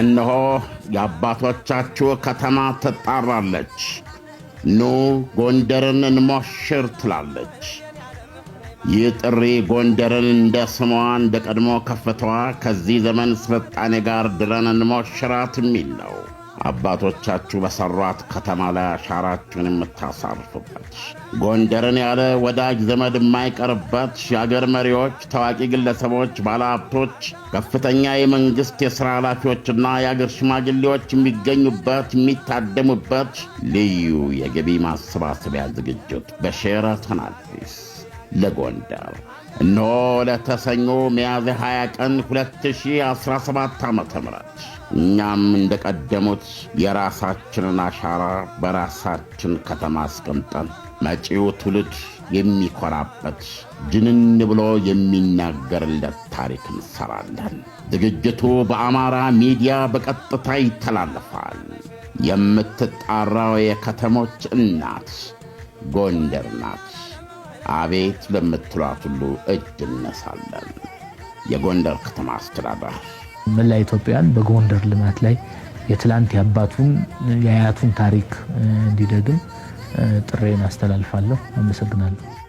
እነሆ የአባቶቻችሁ ከተማ ትጣራለች፣ ኑ ጎንደርን እንሞሽር ትላለች። ይህ ጥሪ ጎንደርን እንደ ስሟ እንደ ቀድሞ ከፍተዋ ከዚህ ዘመን ስልጣኔ ጋር ድረን እንሞሽራት የሚል ነው። አባቶቻችሁ በሠሯት ከተማ ላይ አሻራችሁን የምታሳርፉበት ጎንደርን ያለ ወዳጅ ዘመድ የማይቀርበት የአገር መሪዎች፣ ታዋቂ ግለሰቦች፣ ባለሀብቶች፣ ከፍተኛ የመንግሥት የሥራ ኃላፊዎችና የአገር ሽማግሌዎች የሚገኙበት የሚታደሙበት ልዩ የገቢ ማሰባሰቢያ ዝግጅት በሼራተን አዲስ ለጎንደር እኖ ለተሰኞ ሚያዝያ 20 ቀን 2017 ዓ ም እኛም እንደቀደሙት የራሳችንን አሻራ በራሳችን ከተማ አስቀምጠን መጪው ትውልድ የሚኮራበት ድንን ብሎ የሚናገርለት ታሪክ እንሰራለን። ዝግጅቱ በአማራ ሚዲያ በቀጥታ ይተላለፋል። የምትጣራው የከተሞች እናት ጎንደር ናት። አቤት ለምትሏት ሁሉ እጅ እነሳለን። የጎንደር ከተማ አስተዳደር መላ ኢትዮጵያን በጎንደር ልማት ላይ የትላንት የአባቱን የአያቱን ታሪክ እንዲደግም ጥሬን አስተላልፋለሁ። አመሰግናለሁ።